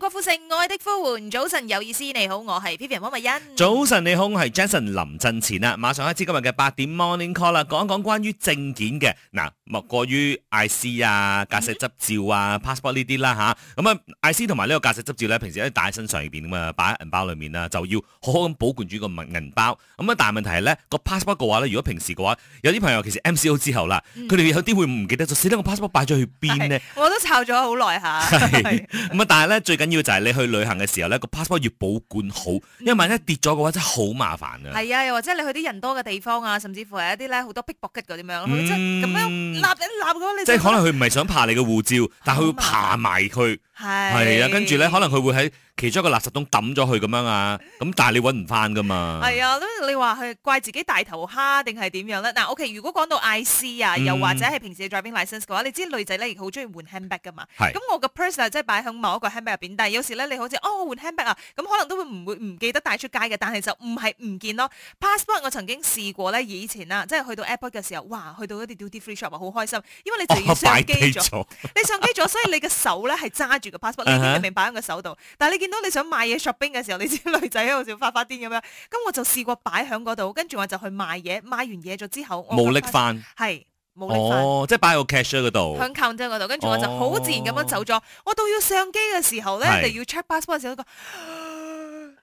郭富城《愛的呼喚》，早晨有意思，你好，我係 P P R 汪慧欣。早晨，你好，我係 Jason 林振前啦。馬上開始今日嘅八點 morning call 啦，講一講關於證件嘅，嗱，莫過於 I C 啊、駕駛執照啊、嗯、passport、啊嗯、呢啲啦吓。咁啊，I C 同埋呢個駕駛執照咧，平時帶喺身上入邊咁啊，擺喺銀包裏面啦，就要好好咁保管住個銀包。咁啊，但係問題係咧，個 passport 嘅話咧，如果平時嘅話，有啲朋友其實 M C O 之後啦，佢哋、嗯、有啲會唔記得咗，死得我 passport 擺咗去邊呢？我都抄咗好耐下。咁啊！但係咧，最近。要就係你去旅行嘅時候咧，個 passport 要保管好，因為萬一跌咗嘅話、嗯、真係好麻煩啊！係啊，又或者你去啲人多嘅地方啊，甚至乎係一啲咧好多迫搏吉嗰啲咩咯，即係咁樣揦一揦嘅你即係可能佢唔係想扒你嘅護照，但係佢會扒埋佢。係，係啊，跟住咧，可能佢會喺其中一個垃圾桶抌咗佢咁樣啊，咁但係你揾唔翻噶嘛？係啊，咁你話佢怪自己大頭蝦定係點樣咧？嗱、啊、OK，如果講到 IC 啊，嗯、又或者係平時嘅 driving license 嘅話，你知女仔咧好中意換 handbag 噶嘛？係是。咁、嗯、我個 purse 即係擺喺某一個 handbag 入邊，但係有時咧你好似哦換 handbag 啊，咁、嗯、可能都會唔會唔記得帶出街嘅，但係就唔係唔見咯。passport 我曾經試過咧，以前啦，即係去到 Airport 嘅時候，哇，去到一啲 duty free shop 好開心，因為你直接上機咗，哦、你上機咗，所以你嘅手咧係揸住。 個 passport 呢啲你明擺喺個手度，但係你見到你想買嘢 shopping 嘅時候，你知女仔喺度笑發發癲咁樣。咁我就試過擺喺嗰度，跟住我就去買嘢，買完嘢咗之後，冇搦翻，係冇搦翻，即係擺喺個 cashier 嗰度。喺 counter 嗰度，跟住我就好自然咁樣走咗。哦、我到要上機嘅時候咧，是就要 check passport 嘅時候。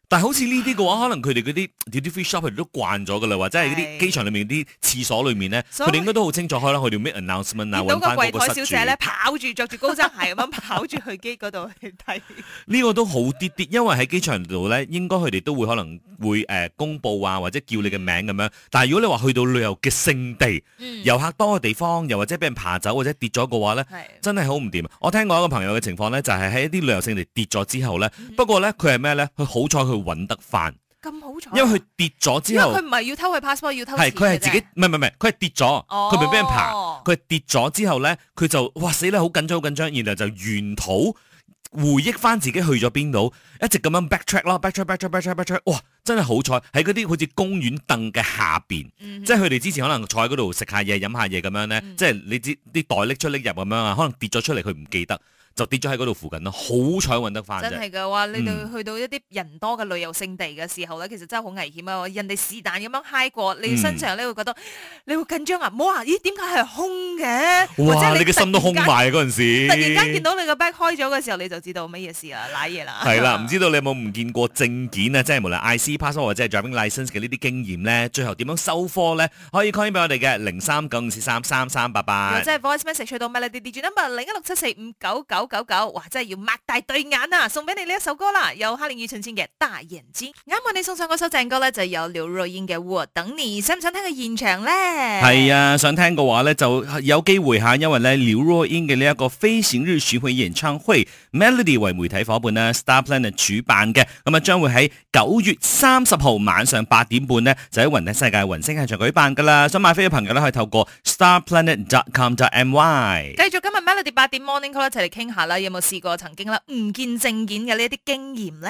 但係好似呢啲嘅話，可能佢哋嗰啲 duty free shop 佢哋都慣咗噶啦，或者係啲機場裏面啲廁所裏面咧，佢哋的應該都好清楚開啦。佢哋 make announcement 或者個到個櫃台小姐咧， 跑住着住高踭鞋咁樣跑住去機嗰度去睇。呢 個都好啲啲，因為喺機場度咧，應該佢哋都會可能會誒、呃、公布啊，或者叫你嘅名咁樣。但係如果你話去到旅遊嘅勝地，遊、嗯、客多嘅地方，又或者俾人爬走或者跌咗嘅話咧，的真係好唔掂。我聽過一個朋友嘅情況咧，就係、是、喺一啲旅遊勝地跌咗之後咧，嗯、不過咧佢係咩咧？佢好彩搵得返咁好彩，因為佢跌咗之後，因為佢唔係要偷去，passport，要偷係佢係自己，唔係唔係，佢係跌咗，佢唔係俾人扒。佢係跌咗之後咧，佢就哇死啦，好緊張，好緊張，然後就沿途回憶翻自己去咗邊度，一直咁樣 backtrack 咯，backtrack，backtrack，backtrack，backtrack，back back back 哇！真係好彩，喺嗰啲好似公園凳嘅下邊，嗯、哼即係佢哋之前可能坐喺嗰度食下嘢、飲下嘢咁樣咧，嗯、即係你知，啲袋拎出拎入咁樣啊，可能跌咗出嚟，佢唔記得。就跌咗喺度附近啦，好彩搵得翻。真係噶話你到去到一啲人多嘅旅遊勝地嘅時候咧，其實真係好危險啊！人哋是但咁樣嗨過你身上你會覺得你會緊張啊！冇話，咦，點解係空嘅？或者你心都空埋嗰陣時，突然間見到你個 bag 開咗嘅時候，你就知道乜嘢事啦，瀨嘢啦。係啦，唔知道你有冇唔見過證件啊？即係無論 IC pass 或者即係 driving license 嘅呢啲經驗咧，最後點樣收科咧？可以 call 翻俾我哋嘅零三九四三三三八八，或者 voice message 取到 Melody D G number 零一六七四五九九。九九，哇！真係要擘大對眼啊！送俾你呢一首歌啦，有哈林與陳千嘅《大眼睛》。啱啊！你送上嗰首正歌咧，就有劉若英嘅《我等你》。想唔想聽佢現場咧？係啊，想聽嘅話咧就有機會吓，因為咧劉若英嘅呢一個飛行日巡迴演唱會，Melody 為媒體夥伴啦，Star Planet 主辦嘅，咁啊將會喺九月三十號晚上八點半呢，就喺雲頂世界雲星劇場舉辦噶啦。想買飛嘅朋友呢，可以透過 Star Planet dot com dot M Y。繼續今日 Melody 八點 Morning Call 一齊嚟傾。有冇試過曾經啦唔見證件嘅呢一啲經驗咧？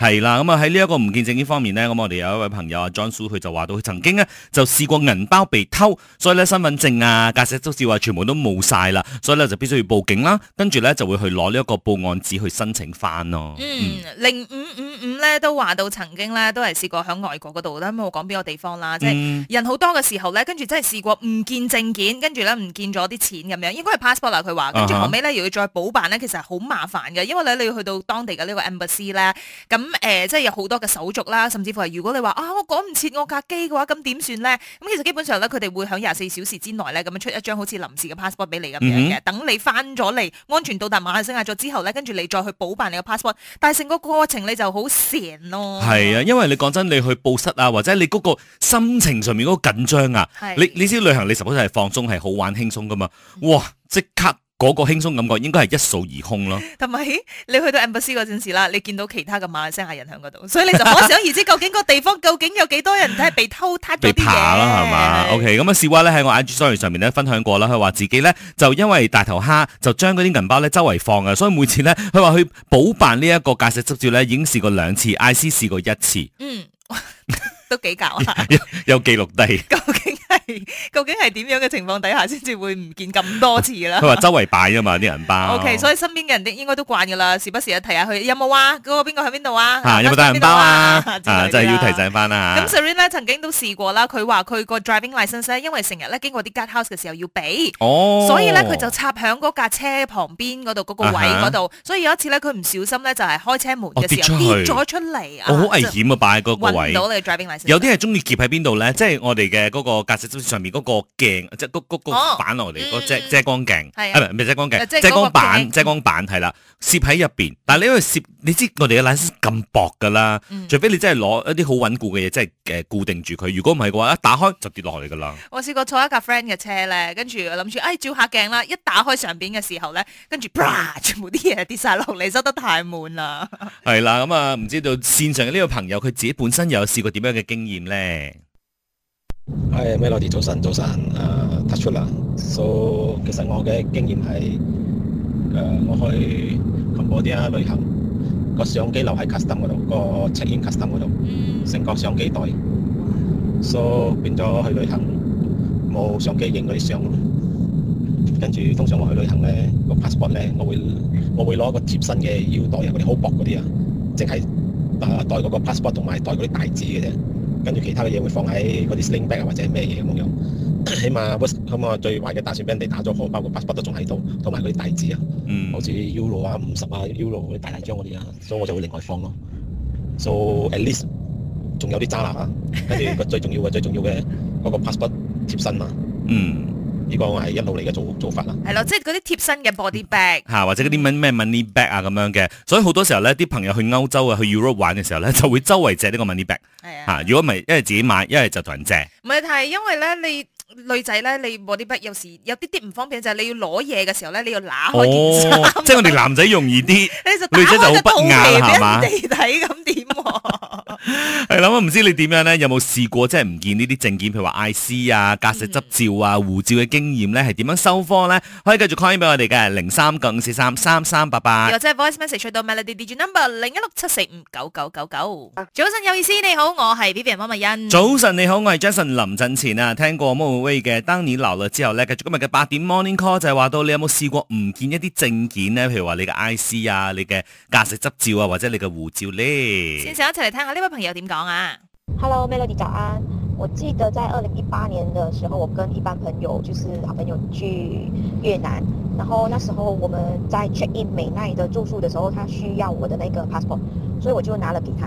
係啦，咁啊喺呢一個唔見證件方面咧，咁我哋有一位朋友阿 John 叔，佢就話到，佢曾經咧就試過銀包被偷，所以咧身份證啊、駕駛執照啊，全部都冇晒啦，所以咧就必須要報警啦，跟住咧就會去攞呢一個報案紙去申請翻咯。嗯，零五五五咧都話到曾經咧都係試過喺外國嗰度啦，冇講邊個地方啦，嗯、即係人好多嘅時候咧，跟住真係試過唔見證件，跟住咧唔見咗啲錢咁樣，應該係 passport 啊，佢話，跟住後尾咧又要再補辦。咧其實係好麻煩嘅，因為咧你要去到當地嘅呢個 embassy 咧，咁誒即係有好多嘅手續啦，甚至乎係如果你話啊我趕唔切我架機嘅話，咁點算咧？咁其實基本上咧，佢哋會響廿四小時之內咧，咁樣出一張好似臨時嘅 passport 俾你咁樣嘅，等你翻咗嚟安全到達馬來西亞咗之後咧，跟住你再去補辦你嘅 passport，但係成個過程你就好慘咯。係啊，因為你講真，你去報失啊，或者你嗰個心情上面嗰個緊張啊，你你知旅行你實質係放鬆係好玩輕鬆噶嘛，哇即刻！嗰個輕鬆感覺應該係一掃而空咯，同埋你去到 Embassy 嗰陣時啦，你見到其他嘅馬來西亞人喺嗰度，所以你就可想而知，究竟個地方 究竟有幾多人係被偷撻、被扒啦，係嘛？OK，咁、嗯、啊，笑話咧喺我 IG story 上面咧分享過啦，佢話自己咧就因為大頭蝦就將嗰啲銀包咧周圍放啊，所以每次咧佢話去補辦呢一個駕駛執照咧已經試過兩次，IC 試過一次。嗯。 都幾搞，有有記錄低。究竟係究竟係點樣嘅情況底下先至會唔見咁多次啦？佢話周圍擺啊嘛啲銀包。O.K. 所以身邊嘅人應應該都慣㗎啦，時不時啊提下佢，有冇啊？嗰個邊個喺邊度啊？嚇，有冇帶銀包啊？啊，真係要提醒翻啦嚇。咁 Serena 咧曾經都試過啦，佢話佢個 driving licence 咧，因為成日咧經過啲 guard house 嘅時候要俾，所以咧佢就插響嗰架車旁邊嗰度嗰個位嗰度。所以有一次咧，佢唔小心咧就係開車門嘅時候跌咗出嚟啊！好危險啊！擺喺個位。揾唔到你 driving licence。有啲係中意夾喺邊度咧，即係我哋嘅嗰個駕駛上面嗰個鏡，即係嗰嗰個、哦、板落嚟，嗯、個遮遮光鏡，啊唔係遮光鏡，即是 遮光板遮光板係啦，攝喺入邊。但係你因為攝，你知我哋嘅 Lens 咁薄㗎啦，嗯、除非你真係攞一啲好穩固嘅嘢，即係誒固定住佢。如果唔係嘅話，一打開就跌落嚟㗎啦。我試過坐一架 friend 嘅車咧，跟住諗住誒照下鏡啦，一打開上邊嘅時候咧，跟住，全部啲嘢跌晒落嚟，塞得太滿啦。係啦， 咁、嗯、啊，唔知道線上嘅呢個朋友，佢自己本身又有試過點樣嘅？經驗咧，係咩？Melody 早晨，早晨。誒，touch out 啦。So，其實我嘅經驗係誒，我去 Cambodia 啊旅行，個相機留喺 custom 嗰度，個 check-in custom 嗰度，成個相機袋。So，變咗去旅行冇相機影嗰啲相，跟住通常我去旅行咧個 passport 咧，我會我會攞個貼身嘅腰袋入嗰啲好薄嗰啲啊，淨係誒袋嗰個 passport 同埋袋嗰啲大紙嘅啫。跟住其他嘅嘢會放喺嗰啲 slingback 啊，或者咩嘢咁樣。起碼 passport 咁啊，最壞嘅打算畀人哋打咗荷包，包括 passport 都仲喺度，同埋嗰啲大紙啊，嗯，好似 Euro 啊、五十啊、Euro 嗰啲大大張嗰啲啊，所以我就會另外放咯。So at least 仲有啲渣男啊，跟住個最重要嘅、最重要嘅嗰個 passport 貼身嘛、啊。嗯。呢個係一路嚟嘅做做法啦，係咯，即係嗰啲貼身嘅 body bag，吓、啊、或者嗰啲咩咩 money bag 啊咁樣嘅，所以好多時候咧，啲朋友去歐洲啊，去 Europe 玩嘅時候咧，就會周圍借呢個 money bag，係啊，吓，如果唔係，一係自己買，一係就同人借，唔係，係因為咧你。女仔咧，你摸啲筆，有時有啲啲唔方便，就係、是、你要攞嘢嘅時候咧，你要揦開。即係我哋男仔容易啲。你就揦開個筆眼，係嘛？地底咁點？係啦，唔知你點樣咧？有冇試過即係唔見呢啲證件，譬如話 IC 啊、駕駛執照啊、護、嗯、照嘅經驗咧？係點樣收科咧？可以繼續 call 俾我哋嘅零三九五四三三三八八，或者 voice message 到 Melody Digi number 零一六七四五九九九九。 早晨有意思，你好，我係 Vivian 摸咪欣。早晨你好，我係 Jason 林振前啊，聽過。喂嘅，Daniel 留落之後咧，繼續今日嘅八點 morning call 就係話到，你有冇試過唔見一啲證件咧？譬如話你嘅 IC 啊，你嘅駕駛執照啊，或者你嘅護照咧？先生一齊嚟聽下呢位朋友點講啊！Hello，Melody，早安。我記得在二零一八年嘅時候，我跟一班朋友，就是好朋友去越南，然後那時候我們在 check in 美奈的住宿的時候，他需要我的那個 passport，所以我就拿了俾他。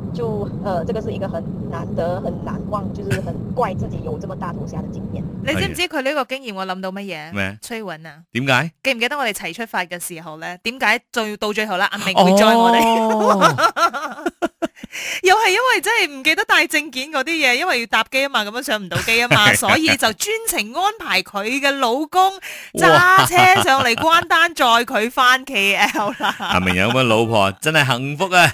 就誒，這個是一個很難得、很難忘，就是很怪自己有這麼大頭蝦的經驗。你知唔知佢呢個經驗我諗到乜嘢？咩麼？催吻啊？點解？記唔記得我哋齊出發嘅時候咧？點解仲要到最後啦？阿明載我哋，又係因為真係唔記得帶證件嗰啲嘢，因為要搭機啊嘛，咁樣上唔到機啊嘛，所以就專程安排佢嘅老公揸車上嚟關單載佢返 K L 啦。阿、啊、明有咁嘅老婆真係幸福啊！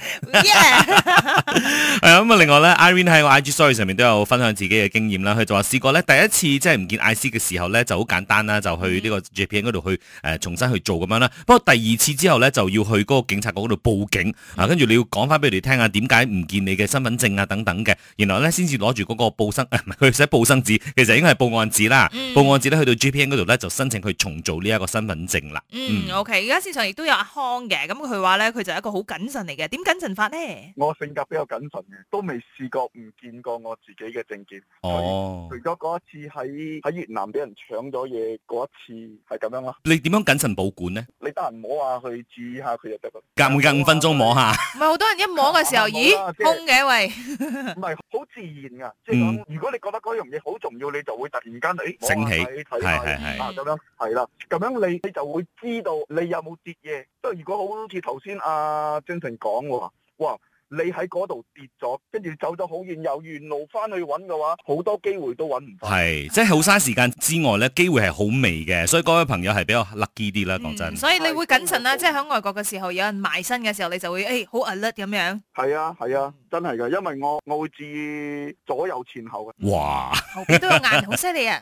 係啊，咁啊，另外咧 Irene 喺個 I G story 上面都有分享自己嘅經驗啦。佢就話試過咧，第一次即係唔見 I C 嘅時候咧，就好簡單啦，就去呢個 J P N 嗰度去誒、呃、重新去做咁樣啦。不過第二次之後咧，就要去嗰個警察局嗰度報警啊，跟住你要講翻俾佢哋聽下點解唔見你嘅身份證啊等等嘅。然後咧，先至攞住嗰個報生唔係佢寫報生紙，其實應該係報案紙啦。嗯、報案紙咧去到 J P N 嗰度咧就申請去重做呢一個身份證啦。o k 而家市場亦都有阿康嘅，咁佢話咧佢就係一個好謹慎嚟嘅，點謹慎法呢？ 比較謹慎嘅，都未試過唔見過我自己嘅證件。哦，除咗嗰一次喺喺越南俾人搶咗嘢，嗰一次係咁樣咯。你點樣謹慎保管咧？你得閒摸下，去注意下佢就得咯。隔每隔五分鐘摸下。唔係好多人一摸嘅時候，咦，空嘅喂。唔係好自然噶，即係講，如果你覺得嗰樣嘢好重要，你就會突然間，誒，醒起，係係係，咁樣係啦，咁樣你你就會知道你有冇跌嘢。即係如果好似頭先阿 Jason 講嘅話，哇。你喺嗰度跌咗，跟住走咗好遠，由原路翻去揾嘅話，好多機會都揾唔翻。係，即係好嘥時間之外咧，機會係好微嘅，所以嗰位朋友係比較聨機啲啦。講、嗯、真，所以你會謹慎啊！唉即係喺外國嘅時候，有人埋身嘅時候，你就會誒好、欸、alert 咁樣。係啊，係啊，真係噶，因為我我會注意左右前後嘅。哇！後 邊都有眼，好犀利啊！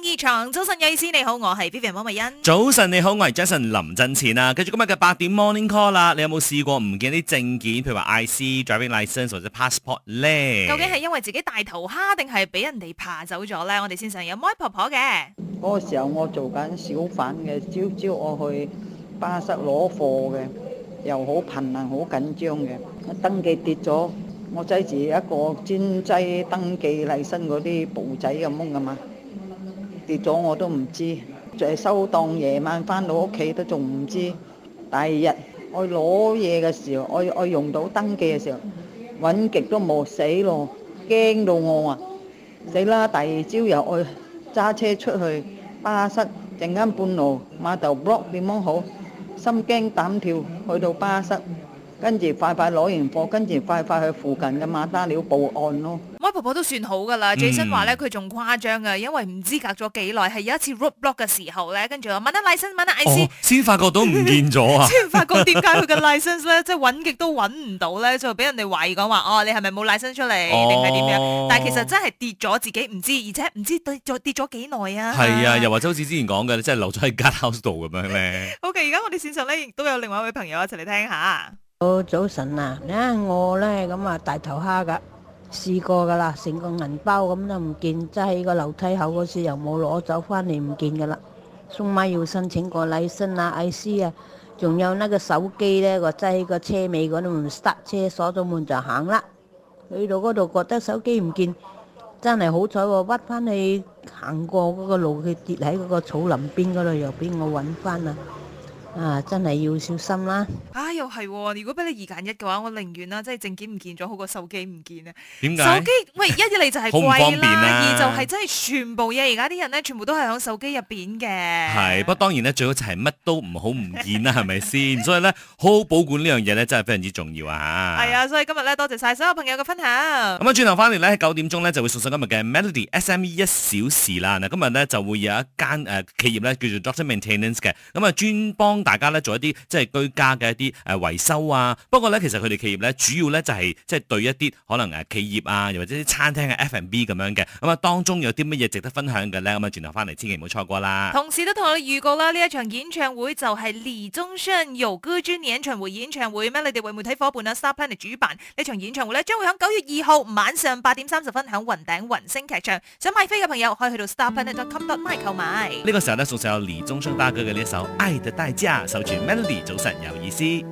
現場早晨，雅思你好，我係 Vivian 摩米欣。早晨你好，我係 Jason 林振前啊！繼續今日嘅八點 Morning Call 啦。你有冇試過唔見啲證件，譬如話 IC、Driving Licence 或者 passport 咧？究竟係因為自己大頭蝦，定係俾人哋爬走咗咧？我哋線上有 My 婆婆嘅。嗰時候我做緊小販嘅，朝朝我去巴剎攞貨嘅，又好頻倫，好緊張嘅。登記跌咗，我擠住一個專擠登記例新嗰啲簿仔咁蒙啊嘛～跌咗我都唔知，就係收檔。夜晚翻到屋企都仲唔知。第二日我攞嘢嘅時候，我我用到登記嘅時候，揾極都冇死咯，驚到我啊！死啦！第二朝又去揸車出去巴剎，陣間半路碼頭 block 點樣好，心驚膽跳去到巴剎。跟住快快攞完貨，跟住快快去附近嘅馬達料報案咯。阿婆婆都算好噶啦，最新話咧佢仲誇張啊，嗯、因為唔知隔咗幾耐，係有一次 roadblock 嘅時候咧，跟住話問下 license 先，問下 IC 先，發覺到唔見咗啊！先發覺點解佢嘅 license 咧，即係揾極都揾唔到咧，就俾人哋懷疑講話哦，你係咪冇 license 出嚟定係點樣？但係其實真係跌咗自己唔知，而且唔知對再跌咗幾耐啊！係啊，又話好似之前講嘅，即係留咗喺 guest house 度咁樣咧。OK，而家我哋線上咧亦都有另外一位朋友一齊嚟聽下。我早晨啊，你我咧咁啊大頭蝦噶，試過噶啦，成個銀包咁都唔見，擠喺個樓梯口嗰時又冇攞走翻嚟，唔見噶啦。送晚要申請個禮申啊，IC 啊，仲有呢個手機咧，個擠喺個車尾嗰度唔塞車，鎖咗門就行啦。去到嗰度覺得手機唔見，真係好彩喎，屈翻去行過嗰個路，佢跌喺嗰個草林邊嗰度，又俾我揾翻啦。啊，真係要小心啦！啊，又係、哦，如果俾你二揀一嘅話，我寧願啦，即係證件唔見咗好過手機唔見啊！點解？手機喂，一嚟就係貴啦，二、 啊、就係真係全部嘢而家啲人咧，全部都係響手機入邊嘅。係，不過當然咧，最好就係乜都唔好唔見啦，係咪先？所以咧，好好保管呢樣嘢咧，真係非常之重要啊！吓，係啊，所以今日咧，多謝晒所有朋友嘅分享。咁啊，轉頭翻嚟咧，九點鐘咧就會送上今日嘅 Melody SME 一小時啦。嗱，今日咧就會有一間誒、呃、企業咧，叫做 Doctor Maintenance 嘅，咁啊專幫。大家咧做一啲即係居家嘅一啲誒維修啊，不過咧其實佢哋企業咧主要咧就係、是、即係對一啲可能誒企業啊，又或者啲餐廳嘅，啊、F&B 咁樣嘅，咁、嗯、啊當中有啲乜嘢值得分享嘅咧？咁啊轉頭翻嚟，千祈唔好錯過啦！同時都同我哋預告啦，呢一場演唱會就係李宗盛《有歌之年》演唱會，演唱會咩？你哋為媒體夥伴啊，Starplanet 主辦呢場演唱會呢，將會響九月二號晚上八點三十分響雲頂雲星劇場。想買飛嘅朋友可以去到 Starplanet.com.my 購買。呢個時候呢，送上有李宗盛大哥嘅呢首歌的歌的歌的歌的歌《愛的代價》。守住 Melody，早晨有意思。